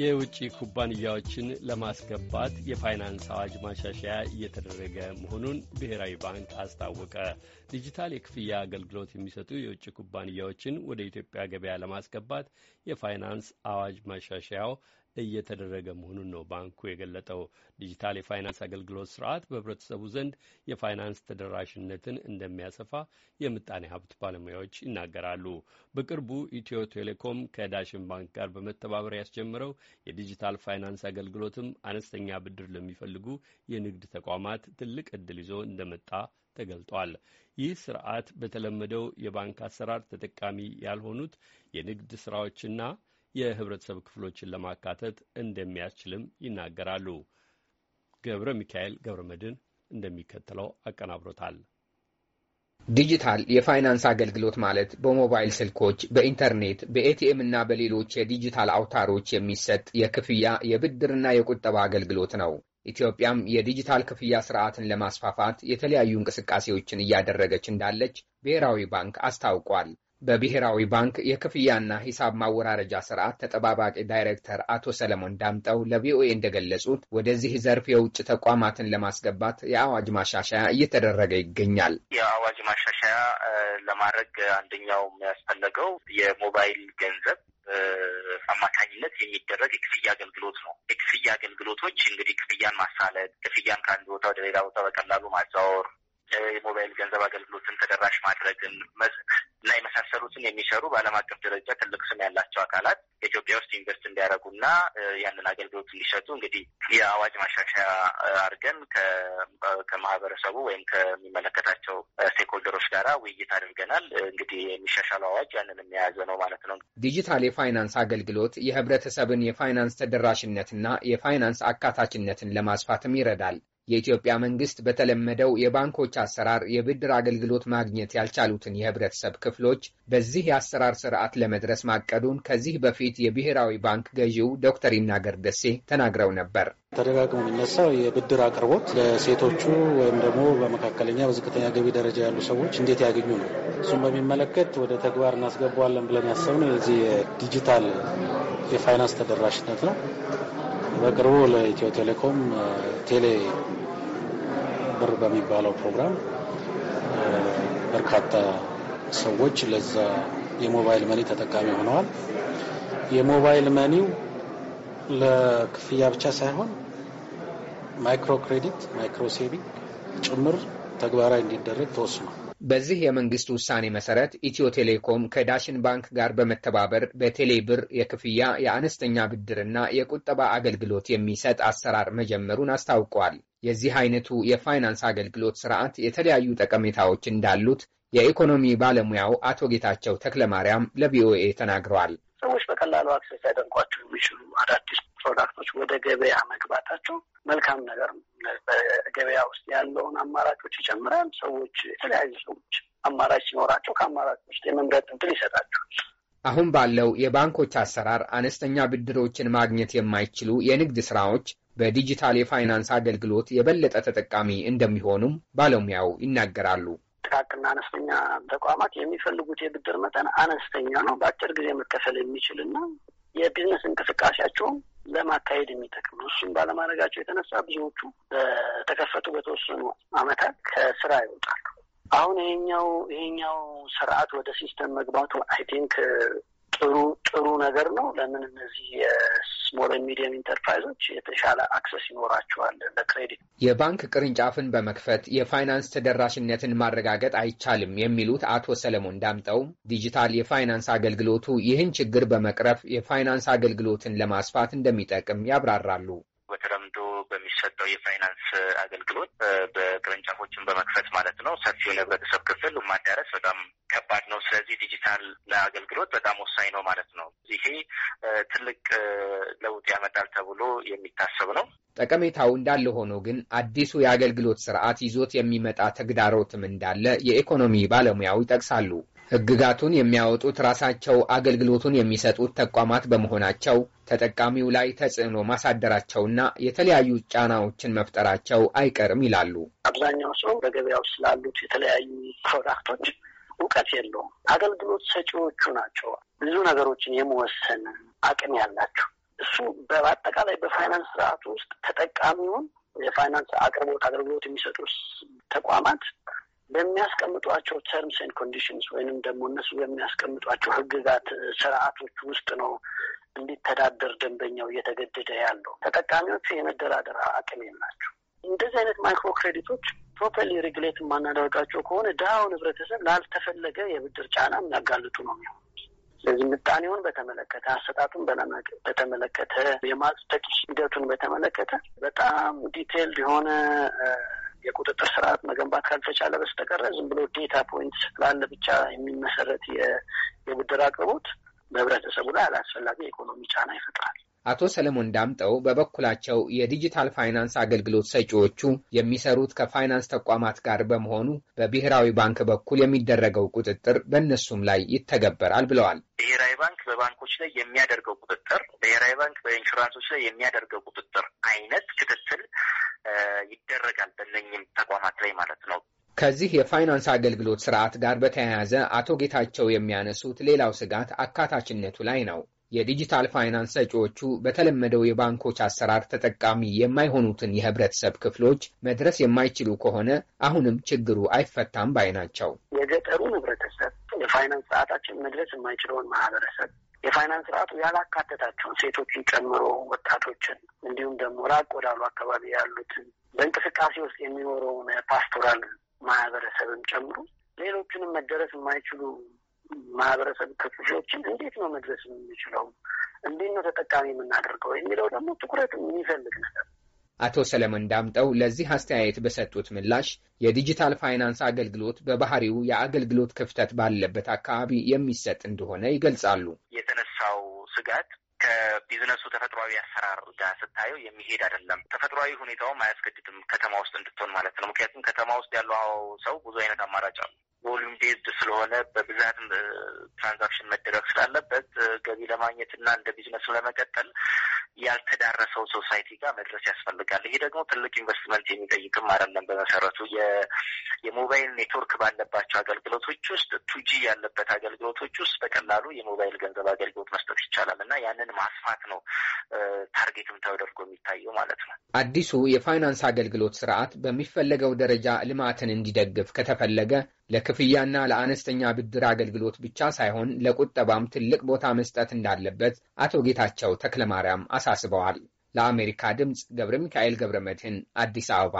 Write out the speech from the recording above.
የውጭ ኩባንያዎችን ለማስገባት የፋይናንስ አዋጅ ማሻሻያ እየተደረገ መሆኑን ብሔራዊ ባንክ አስታወቀ። ዲጂታል የክፍያ አገልግሎት የሚሰጡ የውጭ ኩባንያዎችን ወደ ኢትዮጵያ ገበያ ለማስገባት የፋይናንስ አዋጅ ማሻሻያው እየተደረገ መሆኑን ነው ባንኩ የገለጠው። ዲጂታል የፋይናንስ አገልግሎት ስርዓት በህብረተሰቡ ዘንድ የፋይናንስ ተደራሽነትን እንደሚያሰፋ የምጣኔ ሀብት ባለሙያዎች ይናገራሉ። በቅርቡ ኢትዮ ቴሌኮም ከዳሽን ባንክ ጋር በመተባበር ያስጀምረው የዲጂታል ፋይናንስ አገልግሎትም አነስተኛ ብድር ለሚፈልጉ የንግድ ተቋማት ትልቅ እድል ይዞ እንደመጣ ተገልጧል። ይህ ስርዓት በተለመደው የባንክ አሰራር ተጠቃሚ ያልሆኑት የንግድ ስራዎችና የህብረተሰብ ክፍሎችን ለማካተት እንደሚያስችልም ይናገራሉ። ገብረ ሚካኤል ገብረ መድን እንደሚከተለው አቀናብሮታል። ዲጂታል የፋይናንስ አገልግሎት ማለት በሞባይል ስልኮች፣ በኢንተርኔት፣ በኤቲኤም እና በሌሎች የዲጂታል አውታሮች የሚሰጥ የክፍያ የብድርና የቁጠባ አገልግሎት ነው። ኢትዮጵያም የዲጂታል ክፍያ ስርዓትን ለማስፋፋት የተለያዩ እንቅስቃሴዎችን እያደረገች እንዳለች ብሔራዊ ባንክ አስታውቋል። በብሔራዊ ባንክ የክፍያና ሂሳብ ማወራረጃ ስርዓት ተጠባባቂ ዳይሬክተር አቶ ሰለሞን ዳምጠው ለቪኦኤ እንደገለጹት ወደዚህ ዘርፍ የውጭ ተቋማትን ለማስገባት የአዋጅ ማሻሻያ እየተደረገ ይገኛል። የአዋጅ ማሻሻያ ለማድረግ አንደኛው ያስፈለገው የሞባይል ገንዘብ አማካኝነት የሚደረግ የክፍያ አገልግሎት ነው። የክፍያ አገልግሎቶች እንግዲህ ክፍያን ማሳለጥ፣ ክፍያን ከአንድ ቦታ ወደ ሌላ ቦታ በቀላሉ ማዛወር የሞባይል ገንዘብ አገልግሎትን ተደራሽ ማድረግን እና የመሳሰሉትን የሚሰሩ በዓለም አቀፍ ደረጃ ትልቅ ስም ያላቸው አካላት ኢትዮጵያ ውስጥ ኢንቨስት እንዲያደርጉና ያንን አገልግሎት እንዲሰጡ እንግዲህ የአዋጅ ማሻሻያ አድርገን ከማህበረሰቡ ወይም ከሚመለከታቸው ስቴክሆልደሮች ጋራ ውይይት አድርገናል። እንግዲህ የሚሻሻለው አዋጅ ያንን የያዘ ነው ማለት ነው። ዲጂታል የፋይናንስ አገልግሎት የህብረተሰብን የፋይናንስ ተደራሽነትና የፋይናንስ አካታችነትን ለማስፋትም ይረዳል። የኢትዮጵያ መንግስት በተለመደው የባንኮች አሰራር የብድር አገልግሎት ማግኘት ያልቻሉትን የህብረተሰብ ክፍሎች በዚህ የአሰራር ስርዓት ለመድረስ ማቀዱን ከዚህ በፊት የብሔራዊ ባንክ ገዢው ዶክተር ይናገር ደሴ ተናግረው ነበር። ተደጋግሞ የሚነሳው የብድር አቅርቦት ለሴቶቹ ወይም ደግሞ በመካከለኛ በዝቅተኛ ገቢ ደረጃ ያሉ ሰዎች እንዴት ያገኙ ነው። እሱም በሚመለከት ወደ ተግባር እናስገባዋለን ብለን ያሰብነው የዚህ ዲጂታል የፋይናንስ ተደራሽነት ነው። በቅርቡ ለኢትዮ ቴሌኮም ቴሌ ብር በሚባለው ፕሮግራም በርካታ ሰዎች ለዛ የሞባይል መኒ ተጠቃሚ ሆነዋል። የሞባይል መኒው ለክፍያ ብቻ ሳይሆን ማይክሮ ክሬዲት፣ ማይክሮ ሴቪንግ ጭምር ተግባራዊ እንዲደረግ ተወስኗል። በዚህ የመንግስት ውሳኔ መሰረት ኢትዮ ቴሌኮም ከዳሽን ባንክ ጋር በመተባበር በቴሌ ብር የክፍያ የአነስተኛ ብድርና የቁጠባ አገልግሎት የሚሰጥ አሰራር መጀመሩን አስታውቋል። የዚህ አይነቱ የፋይናንስ አገልግሎት ስርዓት የተለያዩ ጠቀሜታዎች እንዳሉት የኢኮኖሚ ባለሙያው አቶ ጌታቸው ተክለማርያም ለቪኦኤ ተናግረዋል። ሰዎች በቀላሉ አክሰስ ሊያደርጓቸው የሚችሉ አዳዲስ ፕሮዳክቶች ወደ ገበያ መግባታቸው መልካም ነገር ነው። በገበያ ውስጥ ያለውን አማራጮች ይጨምራል። ሰዎች የተለያዩ ሰዎች አማራጭ ሲኖራቸው ከአማራጭ ውስጥ የመምረጥ እድል ይሰጣቸዋል። አሁን ባለው የባንኮች አሰራር አነስተኛ ብድሮችን ማግኘት የማይችሉ የንግድ ስራዎች በዲጂታል የፋይናንስ አገልግሎት የበለጠ ተጠቃሚ እንደሚሆኑም ባለሙያው ይናገራሉ። ጥቃቅና አነስተኛ ተቋማት የሚፈልጉት የብድር መጠን አነስተኛ ነው፣ በአጭር ጊዜ መከፈል የሚችልና የቢዝነስ እንቅስቃሴያቸውን ለማካሄድ የሚጠቅም ነው። እሱም ባለማድረጋቸው የተነሳ ብዙዎቹ በተከፈቱ በተወሰኑ ዓመታት ከስራ ይወጣሉ። አሁን ይሄኛው ይሄኛው ስርዓት ወደ ሲስተም መግባቱ አይ ቲንክ ጥሩ ጥሩ ነገር ነው። ለምን እነዚህ የስሞል ሚዲየም ኢንተርፕራይዞች የተሻለ አክሰስ ይኖራቸዋል ለክሬዲት። የባንክ ቅርንጫፍን በመክፈት የፋይናንስ ተደራሽነትን ማረጋገጥ አይቻልም የሚሉት አቶ ሰለሞን ዳምጠው ዲጂታል የፋይናንስ አገልግሎቱ ይህን ችግር በመቅረፍ የፋይናንስ አገልግሎትን ለማስፋት እንደሚጠቅም ያብራራሉ። በተለምዶ በሚሰጠው የፋይናንስ አገልግሎት በቅርንጫፎችን በመክፈት ማለት ነው ሰፊውን ህብረተሰብ ክፍል ማዳረስ በጣም ከባድ ነው። ስለዚህ ዲጂታል ለአገልግሎት በጣም ወሳኝ ነው ማለት ነው። ይሄ ትልቅ ለውጥ ያመጣል ተብሎ የሚታሰብ ነው። ጠቀሜታው እንዳለ ሆኖ ግን አዲሱ የአገልግሎት ስርዓት ይዞት የሚመጣ ተግዳሮትም እንዳለ የኢኮኖሚ ባለሙያው ይጠቅሳሉ። ህግጋቱን የሚያወጡት ራሳቸው አገልግሎቱን የሚሰጡት ተቋማት በመሆናቸው ተጠቃሚው ላይ ተጽዕኖ ማሳደራቸውና የተለያዩ ጫናዎችን መፍጠራቸው አይቀርም ይላሉ። አብዛኛው ሰው በገበያው ስላሉት የተለያዩ ፕሮዳክቶች እውቀት የለውም። አገልግሎት ሰጪዎቹ ናቸው ብዙ ነገሮችን የመወሰን አቅም ያላቸው። እሱ በአጠቃላይ በፋይናንስ ስርዓት ውስጥ ተጠቃሚውን የፋይናንስ አቅርቦት አገልግሎት የሚሰጡ ተቋማት በሚያስቀምጧቸው ተርምስ ኤንድ ኮንዲሽንስ ወይንም ደግሞ እነሱ በሚያስቀምጧቸው ህግጋት ስርዓቶች ውስጥ ነው እንዲተዳደር ደንበኛው እየተገደደ ያለው። ተጠቃሚዎቹ የመደራደር አቅም የላቸው። እንደዚህ አይነት ማይክሮ ክሬዲቶች ፕሮፐርሊ ሬግሌት የማናደርጋቸው ከሆነ ድሃውን ህብረተሰብ ላልተፈለገ የብድር ጫና የሚያጋልጡ ነው የሚሆኑ። ስለዚህ ምጣኔውን በተመለከተ አሰጣጡን በተመለከተ የማጽደቅ ሂደቱን በተመለከተ በጣም ዲቴይልድ የሆነ የቁጥጥር ስርዓት መገንባት ካልተቻለ በስተቀረ ዝም ብሎ ዴታ ፖይንት ላለ ብቻ የሚመሰረት የብድር አቅርቦት በህብረተሰቡ ላይ አላስፈላጊ የኢኮኖሚ ጫና ይፈጥራል። አቶ ሰለሞን ዳምጠው በበኩላቸው የዲጂታል ፋይናንስ አገልግሎት ሰጪዎቹ የሚሰሩት ከፋይናንስ ተቋማት ጋር በመሆኑ በብሔራዊ ባንክ በኩል የሚደረገው ቁጥጥር በእነሱም ላይ ይተገበራል ብለዋል። ብሔራዊ ባንክ በባንኮች ላይ የሚያደርገው ቁጥጥር፣ ብሔራዊ ባንክ በኢንሹራንሶች ላይ የሚያደርገው ቁጥጥር አይነት ክትትል ይደረጋል በእነኝም ተቋማት ላይ ማለት ነው። ከዚህ የፋይናንስ አገልግሎት ስርዓት ጋር በተያያዘ አቶ ጌታቸው የሚያነሱት ሌላው ስጋት አካታችነቱ ላይ ነው። የዲጂታል ፋይናንስ ሰጪዎቹ በተለመደው የባንኮች አሰራር ተጠቃሚ የማይሆኑትን የህብረተሰብ ክፍሎች መድረስ የማይችሉ ከሆነ አሁንም ችግሩ አይፈታም ባይ ናቸው። የገጠሩን ህብረተሰብ የፋይናንስ ስርዓታችን መድረስ የማይችለውን ማህበረሰብ የፋይናንስ ስርዓቱ ያላካተታቸውን ሴቶችን ጨምሮ ወጣቶችን፣ እንዲሁም ደግሞ ራቅ ወዳሉ አካባቢ ያሉትን በእንቅስቃሴ ውስጥ የሚኖረውን ፓስቶራል ማህበረሰብን ጨምሮ ሌሎችንም መደረስ የማይችሉ ማህበረሰብ ክፍሎችን እንዴት ነው መድረስ የምንችለው እንዴት ነው ተጠቃሚ የምናደርገው የሚለው ደግሞ ትኩረት የሚፈልግ ነገር። አቶ ሰለሞን ዳምጠው ለዚህ አስተያየት በሰጡት ምላሽ የዲጂታል ፋይናንስ አገልግሎት በባህሪው የአገልግሎት ክፍተት ባለበት አካባቢ የሚሰጥ እንደሆነ ይገልጻሉ። የተነሳው ስጋት ከቢዝነሱ ተፈጥሯዊ አሰራር ጋር ስታየው የሚሄድ አይደለም። ተፈጥሯዊ ሁኔታውም አያስገድድም ከተማ ውስጥ እንድትሆን ማለት ነው። ምክንያቱም ከተማ ውስጥ ያለው ሰው ብዙ አይነት አማራጭ አሉ። ቮሉም ቤዝድ ስለሆነ በብዛት ትራንዛክሽን መደረግ ስላለበት ገቢ ለማግኘት እና እንደ ቢዝነሱ ለመቀጠል ያልተዳረሰው ሶሳይቲ ጋር መድረስ ያስፈልጋል። ይሄ ደግሞ ትልቅ ኢንቨስትመንት የሚጠይቅም አይደለም። በመሰረቱ የሞባይል ኔትወርክ ባለባቸው አገልግሎቶች ውስጥ ቱጂ ያለበት አገልግሎቶች ውስጥ በቀላሉ የሞባይል ገንዘብ አገልግሎት መስጠት ይቻላል እና ያንን ማስፋት ነው ታርጌትም ተደርጎ የሚታየው ማለት ነው። አዲሱ የፋይናንስ አገልግሎት ስርዓት በሚፈለገው ደረጃ ልማትን እንዲደግፍ ከተፈለገ ለክፍያና ለአነስተኛ ብድር አገልግሎት ብቻ ሳይሆን ለቁጠባም ትልቅ ቦታ መስጠት እንዳለበት አቶ ጌታቸው ተክለማርያም አሳስበዋል። ለአሜሪካ ድምፅ ገብረ ሚካኤል ገብረ መድህን አዲስ አበባ